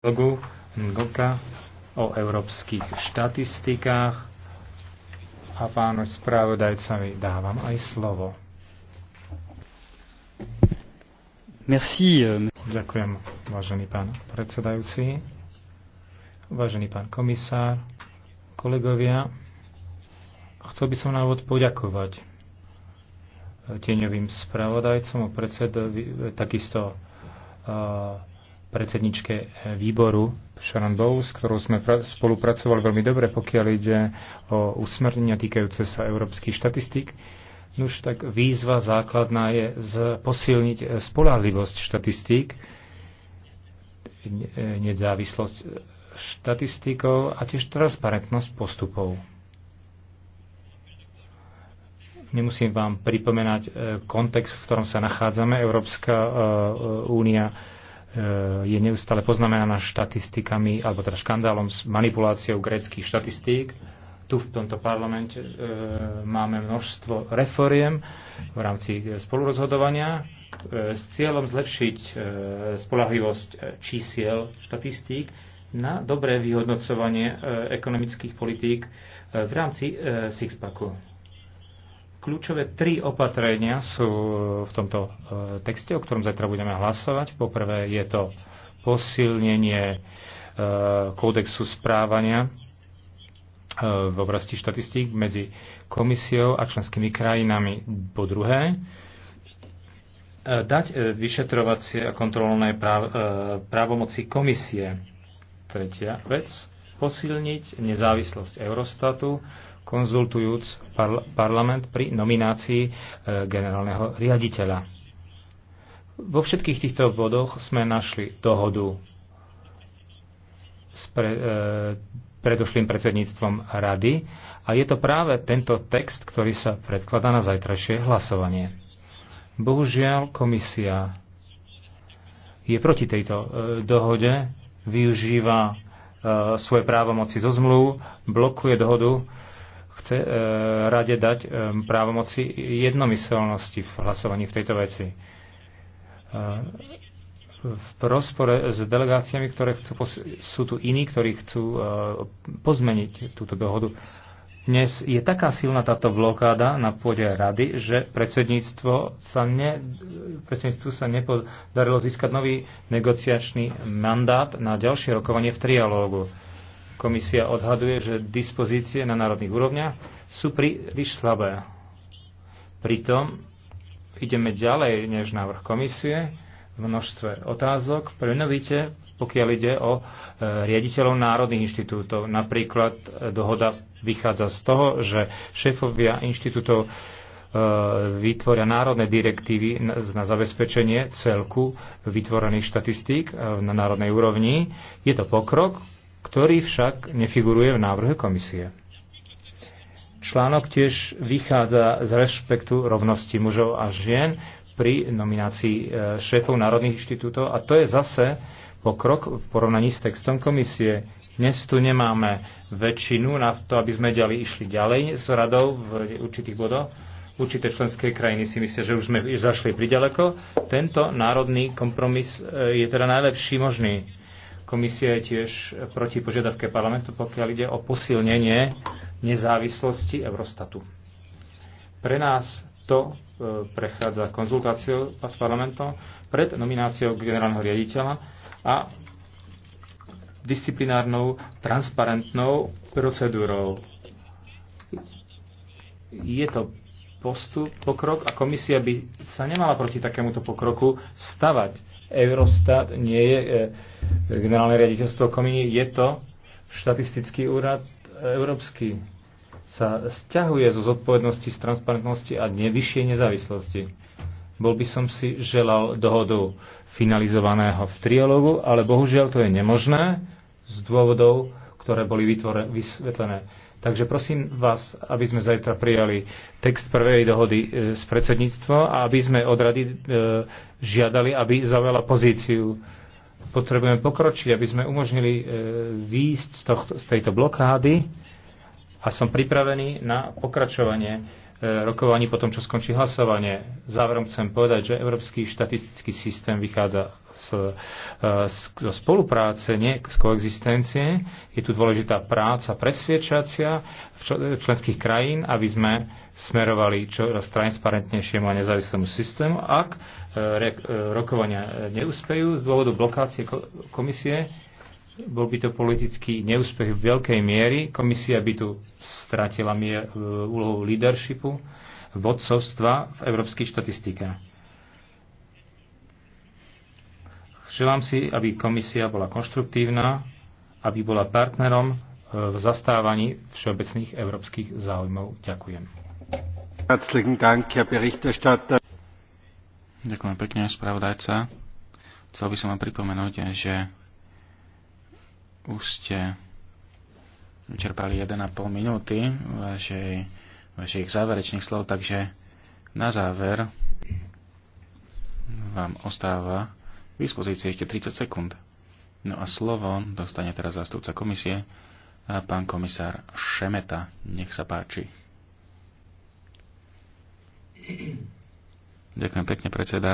blogu Ngoka o európskych štatistikách a pánu správodajcovi dávam aj slovo. Merci. Euh, Ďakujem, vážený pán predsedajúci, vážený pán komisár, kolegovia. Chcel by som na úvod poďakovať tieňovým spravodajcom, predsedovi, takisto uh, predsedničke výboru Sharon Bowles, s ktorou sme spolupracovali veľmi dobre, pokiaľ ide o usmernenia týkajúce sa európskych štatistík. Nuž tak výzva základná je posilniť spolahlivosť štatistík, nezávislosť štatistikov a tiež transparentnosť postupov. Nemusím vám pripomenať eh, kontext, v ktorom sa nachádzame. Európska eh, únia je neustále poznamenaná štatistikami, alebo teda škandálom s manipuláciou greckých štatistík. Tu v tomto parlamente e, máme množstvo reforiem v rámci spolurozhodovania e, s cieľom zlepšiť e, spolahlivosť e, čísiel štatistík na dobré vyhodnocovanie e, ekonomických politík e, v rámci e, Packu. Kľúčové tri opatrenia sú eh, v tomto eh, texte, o ktorom zajtra budeme hlasovať. Poprvé je to posilnenie eh, kódexu správania v oblasti štatistík medzi komisiou a členskými krajinami. Po druhé, dať vyšetrovacie a kontrolné právomoci komisie. Tretia vec, posilniť nezávislosť Eurostatu konzultujúc parl- parlament pri nominácii e, generálneho riaditeľa. Vo všetkých týchto bodoch sme našli dohodu s pre, e, predošlým predsedníctvom rady a je to práve tento text, ktorý sa predkladá na zajtrajšie hlasovanie. Bohužiaľ, komisia je proti tejto e, dohode, využíva e, svoje právomoci zo zmluv, blokuje dohodu chce e, rade dať e, právomoci jednomyselnosti v hlasovaní v tejto veci. E, v rozpore s delegáciami, ktoré chcú, sú tu iní, ktorí chcú e, pozmeniť túto dohodu. Dnes je taká silná táto blokáda na pôde rady, že predsedníctvo sa ne, predsedníctvu sa nepodarilo získať nový negociačný mandát na ďalšie rokovanie v trialógu. E, Komisia odhaduje, že dispozície na národných úrovniach sú príliš slabé. Pritom ideme ďalej než návrh komisie v množstve otázok, prenovite, pokiaľ ide o e, riaditeľov národných inštitútov. Napríklad e, dohoda vychádza z toho, že šéfovia inštitútov e, vytvoria národné direktívy na zabezpečenie celku vytvorených štatistík na národnej úrovni. Je to pokrok, ktorý však nefiguruje v návrhe komisie. Článok tiež vychádza z rešpektu rovnosti mužov a žien pri nominácii e, šéfov národných inštitútov a to je zase pokrok v porovnaní s textom komisie. Dnes tu nemáme väčšinu na to, aby sme ďalej išli ďalej s radou v určitých bodoch. Určité členské krajiny si myslia, že už sme zašli priďaleko. Tento národný kompromis e, je teda najlepší možný Komisia je tiež proti požiadavke parlamentu, pokiaľ ide o posilnenie nezávislosti Eurostatu. Pre nás to e, prechádza konzultáciou s parlamentom pred nomináciou generálneho riaditeľa a disciplinárnou, transparentnou procedúrou. Je to postup, pokrok a komisia by sa nemala proti takémuto pokroku stavať. Eurostat nie je e, regionálne riaditeľstvo komíny, je to štatistický úrad európsky sa sťahuje zo zodpovednosti, z transparentnosti a nevyššej nezávislosti. Bol by som si želal dohodu finalizovaného v trialogu, ale bohužiaľ to je nemožné z dôvodov, ktoré boli vytvore, vysvetlené. Takže prosím vás, aby sme zajtra prijali text prvej dohody z e, predsedníctva a aby sme od rady e, žiadali, aby zaujala pozíciu Potrebujeme pokročiť, aby sme umožnili e, výjsť z, tohto, z tejto blokády a som pripravený na pokračovanie e, rokovaní po tom, čo skončí hlasovanie. Záverom chcem povedať, že Európsky štatistický systém vychádza z, z e, spolupráce, nie z koexistencie. Je tu dôležitá práca presviečacia v členských krajín, aby sme smerovali čoraz transparentnejšiemu a nezávislému systému. Ak e, e, rokovania neúspejú z dôvodu blokácie komisie, bol by to politický neúspech v veľkej miery. Komisia by tu stratila úlohu leadershipu, vodcovstva v európskych štatistikách Želám si, aby komisia bola konštruktívna, aby bola partnerom e, v zastávaní všeobecných európskych záujmov. Ďakujem. Ďakujem pekne, spravodajca. Chcel by som vám pripomenúť, že už ste vyčerpali 1,5 minúty vašej, vašich záverečných slov, takže na záver vám ostáva dispozícii ešte 30 sekúnd. No a slovo dostane teraz zástupca komisie, a pán komisár Šemeta. Nech sa páči. Ďakujem pekne, predseda.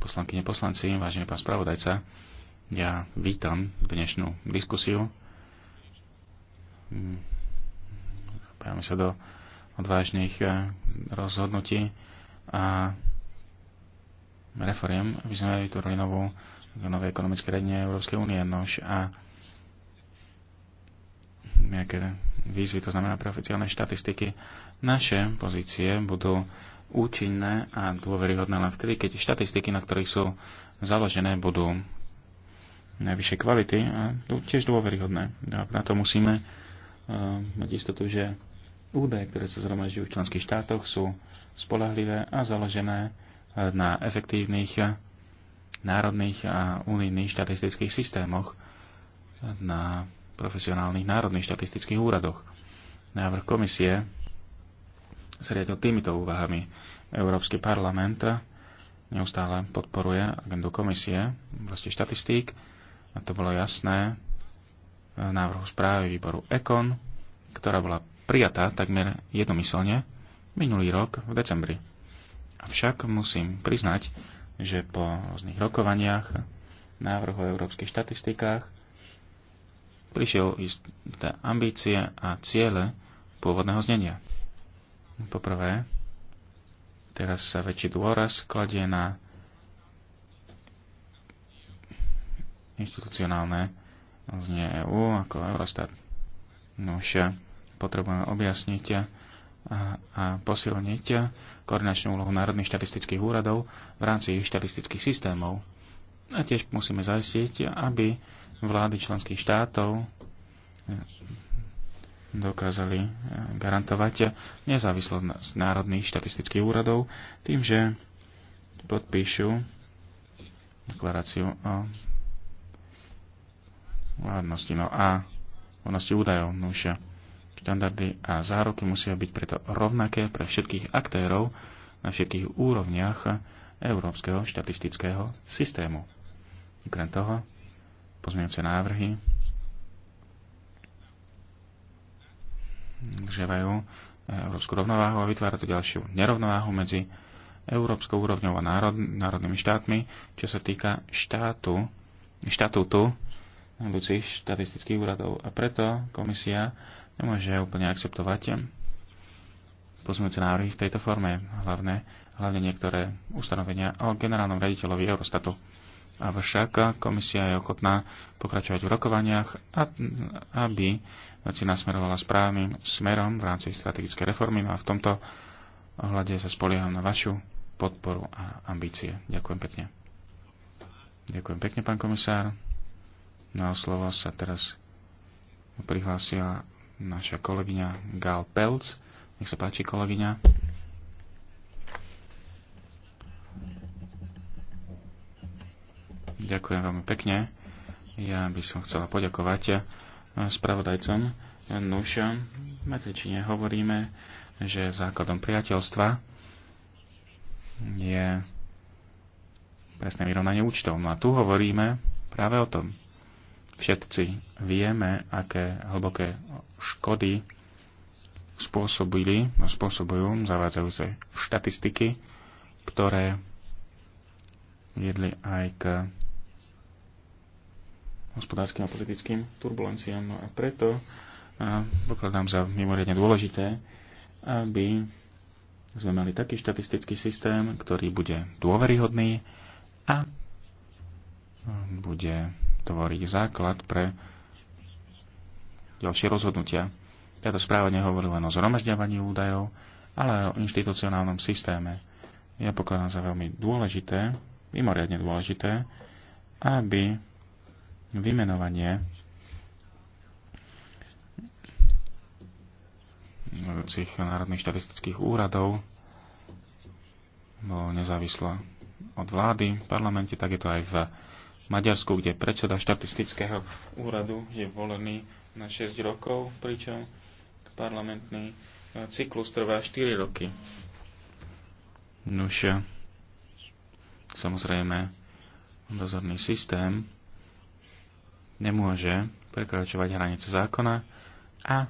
Poslanky poslanci, vážený pán spravodajca, ja vítam dnešnú diskusiu. Pájame sa do odvážnych eh, rozhodnutí a reforiem, aby sme vytvorili novú, nové ekonomické radenie Európskej únie. Nož a nejaké výzvy, to znamená pre oficiálne štatistiky, naše pozície budú účinné a dôveryhodné len vtedy, keď štatistiky, na ktorých sú založené, budú najvyššej kvality a to tiež dôveryhodné. A to musíme uh, mať istotu, že údaje, ktoré sa zhromažďujú v členských štátoch, sú spolahlivé a založené na efektívnych eh, národných a unijných štatistických systémoch na profesionálnych národných štatistických úradoch. Návrh komisie sa riadil týmito úvahami. Európsky parlament neustále podporuje agendu komisie v štatistík a to bolo jasné v návrhu správy výboru ECON, ktorá bola prijatá takmer jednomyselne minulý rok v decembri. Avšak musím priznať, že po rôznych rokovaniach, návrhu o európskych štatistikách, prišiel isté ambície a ciele pôvodného znenia. Poprvé, teraz sa väčší dôraz kladie na inštitucionálne znie EU ako Eurostat. No potrebujeme objasniť a, a posilniť koordinačnú úlohu národných štatistických úradov v rámci ich štatistických systémov. A tiež musíme zaistiť, aby vlády členských štátov eh, dokázali eh, garantovať nezávislosť národných štatistických úradov tým, že podpíšu deklaráciu o vládnosti. No a hodnosti údajov. no Štandardy a záruky musia byť preto rovnaké pre všetkých aktérov na všetkých úrovniach európskeho štatistického systému. Okrem toho, pozmeňujúce návrhy ževajú európsku rovnováhu a vytvára tu ďalšiu nerovnováhu medzi európskou úrovňou a národ, národnými štátmi, čo sa týka štátu, štatútu budúcich štatistických úradov. A preto komisia nemôže úplne akceptovať hm, pozmúce návrhy v tejto forme, hlavne, hlavne niektoré ustanovenia o generálnom raditeľovi Eurostatu. Avšak komisia je ochotná pokračovať v rokovaniach, aby veci nasmerovala správnym smerom v rámci strategickej reformy. No a v tomto ohľade sa spolieham na vašu podporu a ambície. Ďakujem pekne. Ďakujem pekne, pán komisár. Na no slovo sa teraz prihlásila naša kolegyňa Gal Pelc. Nech sa páči, kolegyňa. Ďakujem veľmi pekne. Ja by som chcela poďakovať spravodajcom Nuša. V hovoríme, že základom priateľstva je presné vyrovnanie účtov. No a tu hovoríme práve o tom. Všetci vieme, aké hlboké škody spôsobili, no spôsobujú zavádzajúce štatistiky, ktoré viedli aj k hospodárskym a politickým turbulenciám. No a preto a pokladám za mimoriadne dôležité, aby sme mali taký štatistický systém, ktorý bude dôveryhodný a bude tvoriť základ pre ďalšie rozhodnutia. Táto správa nehovorí len o zhromažďovaní údajov, ale aj o inštitucionálnom systéme. Ja pokladám za veľmi dôležité, mimoriadne dôležité, aby vymenovanie vedúcich národných štatistických úradov bolo nezávislo. od vlády v parlamente, tak je to aj v Maďarsku, kde predseda štatistického úradu je volený na 6 rokov, pričom parlamentný e, cyklus trvá 4 roky. Nuž, e, samozrejme, dozorný systém nemôže prekračovať hranice zákona a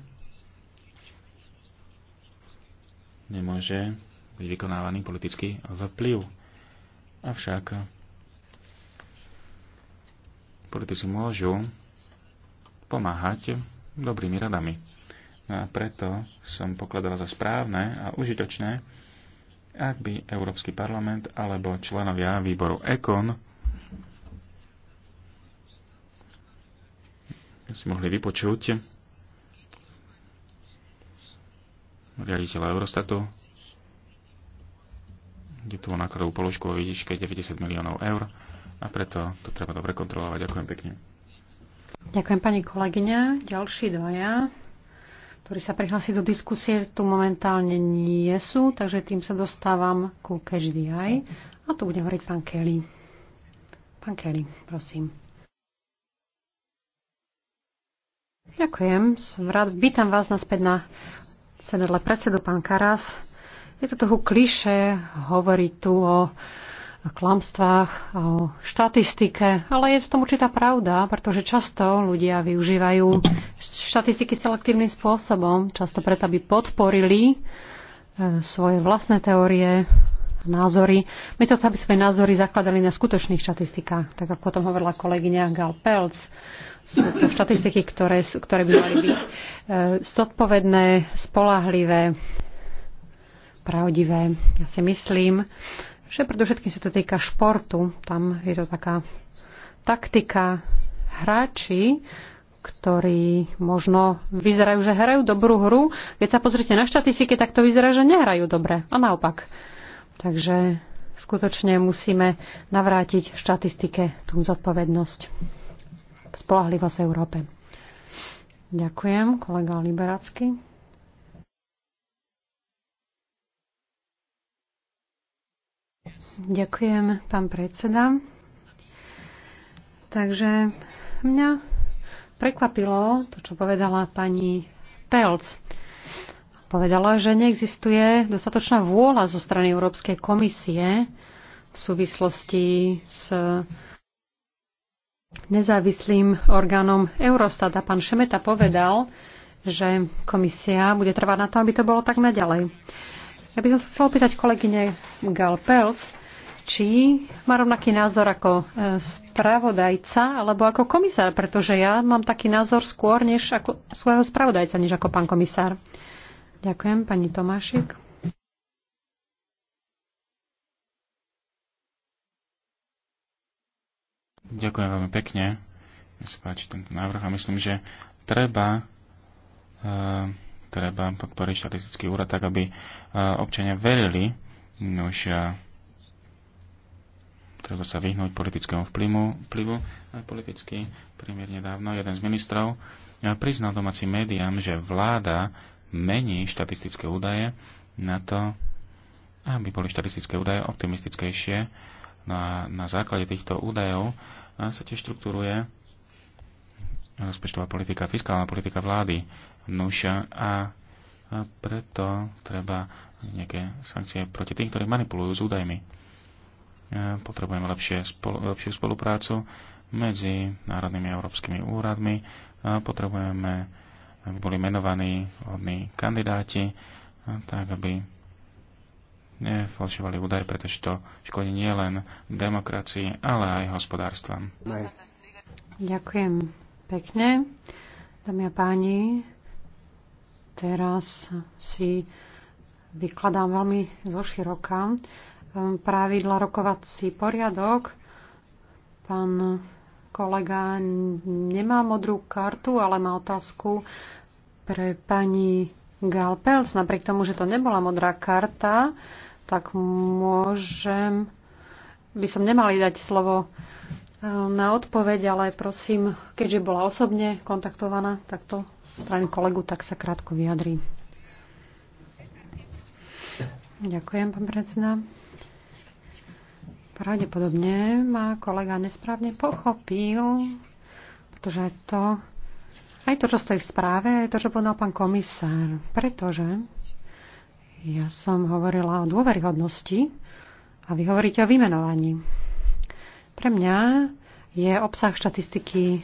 nemôže byť vykonávaný politický vplyv. Avšak Politici môžu pomáhať dobrými radami. No a preto som pokladala za správne a užitočné, ak by Európsky parlament alebo členovia výboru EKON si mohli vypočuť riaditeľa Eurostatu, kde tu nakladú položku o výške 90 miliónov eur, a preto to treba dobre kontrolovať. Ďakujem pekne. Ďakujem pani kolegyňa. Ďalší dvaja, ktorí sa prihlási do diskusie, tu momentálne nie sú, takže tým sa dostávam ku Catch A tu bude hovoriť pán Kelly. Pán Kelly, prosím. Ďakujem. Rád vítam vás naspäť na sedadle predsedu, pán Karas. Je to trochu kliše hovoriť tu o klamstvách, o štatistike, ale je v tom určitá pravda, pretože často ľudia využívajú štatistiky selektívnym spôsobom, často preto, aby podporili e, svoje vlastné teórie, názory. My to, aby sme názory zakladali na skutočných štatistikách, tak ako o tom hovorila kolegyňa Gal Pelc. Sú to štatistiky, ktoré, ktoré by mali byť e, zodpovedné, spolahlivé, pravdivé. Ja si myslím, že predovšetkým sa to týka športu. Tam je to taká taktika hráči, ktorí možno vyzerajú, že hrajú dobrú hru. Keď sa pozrite na štatistiky, tak to vyzerá, že nehrajú dobre. A naopak. Takže skutočne musíme navrátiť štatistike tú zodpovednosť. Spolahlivosť Európe. Ďakujem, kolega Liberacký. Ďakujem, pán predseda. Takže mňa prekvapilo to, čo povedala pani Pelc. Povedala, že neexistuje dostatočná vôľa zo strany Európskej komisie v súvislosti s nezávislým orgánom Eurostat. A pán Šemeta povedal, že komisia bude trvať na to, aby to bolo tak naďalej. Ja by som sa chcela opýtať kolegyne Gal Pelc, či má rovnaký názor ako e, spravodajca alebo ako komisár, pretože ja mám taký názor skôr než ako svojho spravodajca, než ako pán komisár. Ďakujem, pani Tomášik. Ďakujem veľmi pekne. Ja sa páči tento návrh a myslím, že treba, uh, treba podporiť štatistický úrad tak, aby uh, občania verili, uh, treba sa vyhnúť politickému vplyvu, vplyvu aj politicky primierne nedávno, jeden z ministrov, priznal domácim médiám, že vláda mení štatistické údaje na to, aby boli štatistické údaje optimistickejšie. No a na základe týchto údajov sa tiež štruktúruje rozpočtová politika, fiskálna politika vlády. Nuša a preto treba nejaké sankcie proti tým, ktorí manipulujú s údajmi. E, potrebujeme lepšie lepšiu spoluprácu medzi národnými a európskymi úradmi, e, potrebujeme, aby boli menovaní hodní kandidáti, e, tak aby nefalšovali údaje, pretože to škodí nie len demokracii, ale aj hospodárstvam. Ďakujem pekne. Dámy a páni, teraz si vykladám veľmi zoširoka pravidla rokovací poriadok. Pán kolega nemá modrú kartu, ale má otázku pre pani Galpels. Napriek tomu, že to nebola modrá karta, tak môžem, by som nemali dať slovo e, na odpoveď, ale prosím, keďže bola osobne kontaktovaná tak to strany kolegu, tak sa krátko vyjadrí. Ďakujem, pán predseda. Pravdepodobne ma kolega nesprávne pochopil, pretože to, aj to, čo stojí v správe, aj to, čo povedal pán komisár. Pretože ja som hovorila o dôveryhodnosti a vy hovoríte o vymenovaní. Pre mňa je obsah štatistiky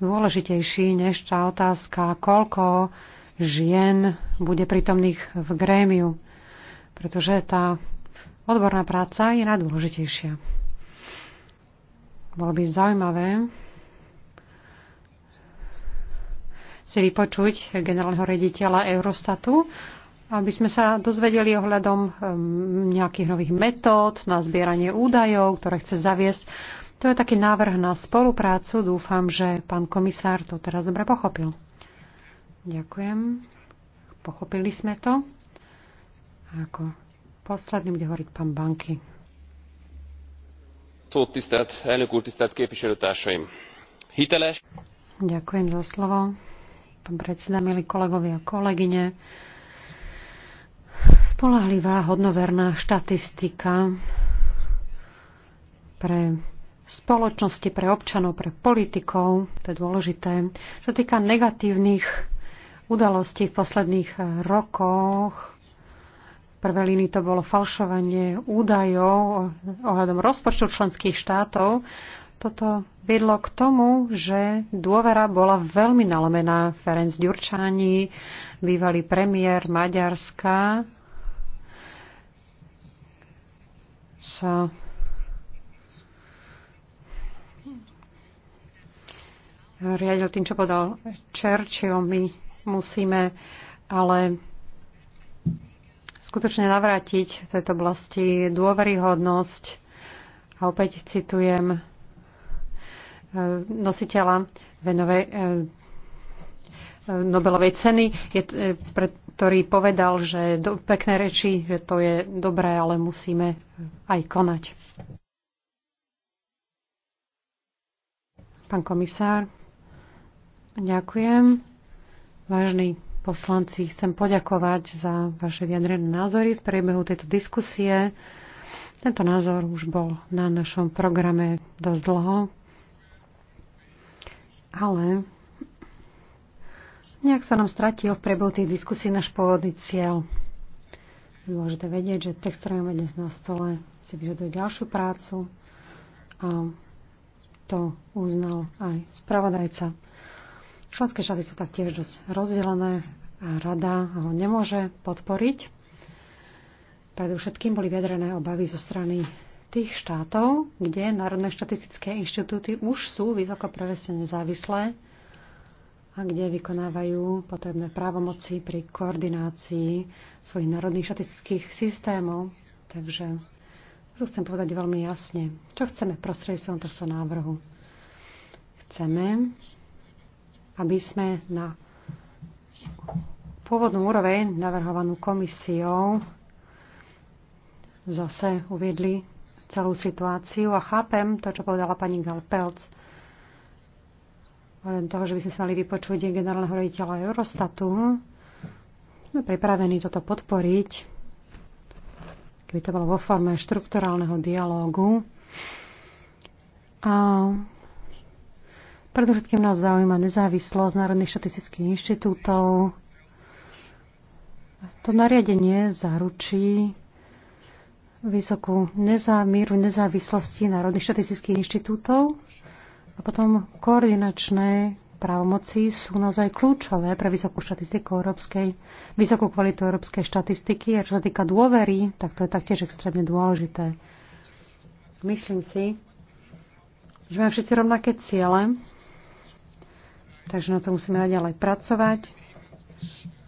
dôležitejší než tá otázka, koľko žien bude prítomných v grémiu. Pretože tá Odborná práca je najdôležitejšia. Bolo by zaujímavé si vypočuť generálneho rediteľa Eurostatu, aby sme sa dozvedeli ohľadom nejakých nových metód na zbieranie údajov, ktoré chce zaviesť. To je taký návrh na spoluprácu. Dúfam, že pán komisár to teraz dobre pochopil. Ďakujem. Pochopili sme to. Ako Posledný bude hovoriť pán Banky. Ďakujem za slovo. Pán predseda, milí kolegovia a kolegyne, spolahlivá, hodnoverná štatistika pre spoločnosti, pre občanov, pre politikov, to je dôležité, čo týka negatívnych udalostí v posledných rokoch, prvé líny to bolo falšovanie údajov ohľadom rozpočtu členských štátov. Toto vedlo k tomu, že dôvera bola veľmi nalomená. Ferenc Ďurčáni, bývalý premiér Maďarska, sa riadil tým, čo podal Churchill. My musíme ale skutočne navrátiť v tejto oblasti dôveryhodnosť. A opäť citujem e, nositeľa venovej e, e, Nobelovej ceny, ktorý povedal, že do, pekné reči, že to je dobré, ale musíme aj konať. Pán komisár, ďakujem. Vážny poslanci, chcem poďakovať za vaše vyjadrené názory v priebehu tejto diskusie. Tento názor už bol na našom programe dosť dlho, ale nejak sa nám stratil v priebehu tých diskusí náš pôvodný cieľ. Dôležité vedieť, že text, ktorý máme dnes na stole, si vyžaduje ďalšiu prácu a to uznal aj spravodajca. Členské štáty sú taktiež dosť rozdelené a rada ho nemôže podporiť. Predovšetkým boli vyjadrené obavy zo strany tých štátov, kde národné štatistické inštitúty už sú vysoko prevesne nezávislé a kde vykonávajú potrebné právomoci pri koordinácii svojich národných štatistických systémov. Takže to chcem povedať veľmi jasne. Čo chceme prostredstvom tohto návrhu? Chceme, aby sme na pôvodnú úroveň navrhovanú komisiou zase uviedli celú situáciu a chápem to, čo povedala pani Galpelc. Len toho, že by sme sa mali vypočuť generálneho roditeľa Eurostatu, sme pripravení toto podporiť, keby to bolo vo forme štrukturálneho dialógu. A Predovšetkým nás zaujíma nezávislosť Národných štatistických inštitútov. To nariadenie zaručí vysokú nezá, míru nezávislosti Národných štatistických inštitútov a potom koordinačné právomoci sú naozaj kľúčové pre vysokú štatistiku európskej, vysokú kvalitu európskej štatistiky a čo sa týka dôvery, tak to je taktiež extrémne dôležité. Myslím si, že máme všetci rovnaké ciele Takže na to musíme naďalej pracovať,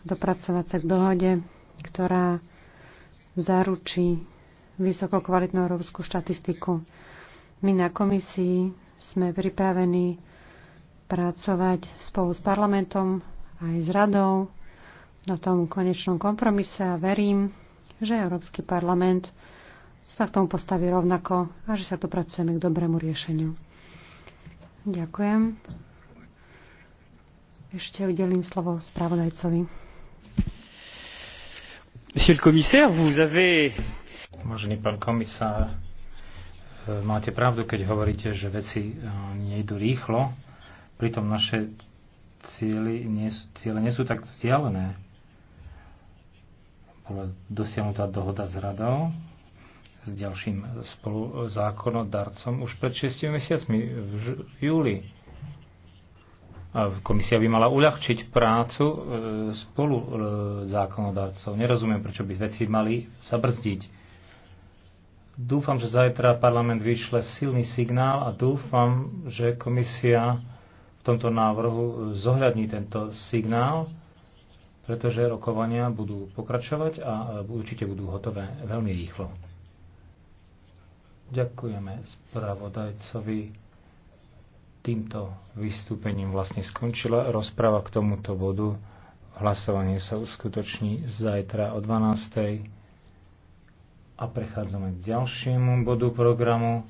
dopracovať sa k dohode, ktorá zaručí vysokokvalitnú európsku štatistiku. My na komisii sme pripravení pracovať spolu s parlamentom aj s radou na tom konečnom kompromise a verím, že Európsky parlament sa k tomu postaví rovnako a že sa pracujeme k dobrému riešeniu. Ďakujem. Ešte udelím slovo spravodajcovi. Monsieur le commissaire, vous avez... Možný pán komisár, e, máte pravdu, keď hovoríte, že veci idú e, rýchlo, pritom naše nie, ciele nie sú tak vzdialené. Bola dosiahnutá dohoda s radou, s ďalším spolu zákonodarcom už pred 6 mesiacmi v júli. Komisia by mala uľahčiť prácu e, spolu e, zákonodarcov. Nerozumiem, prečo by veci mali sa brzdiť. Dúfam, že zajtra parlament vyšle silný signál a dúfam, že komisia v tomto návrhu zohľadní tento signál, pretože rokovania budú pokračovať a e, určite budú hotové veľmi rýchlo. Ďakujeme spravodajcovi Týmto vystúpením vlastne skončila rozprava k tomuto bodu. Hlasovanie sa uskutoční zajtra o 12.00 a prechádzame k ďalšiemu bodu programu.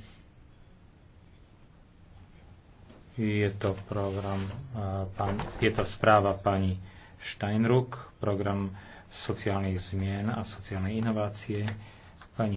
Je to, program, pán, je to správa pani Steinruck, program sociálnych zmien a sociálnej inovácie.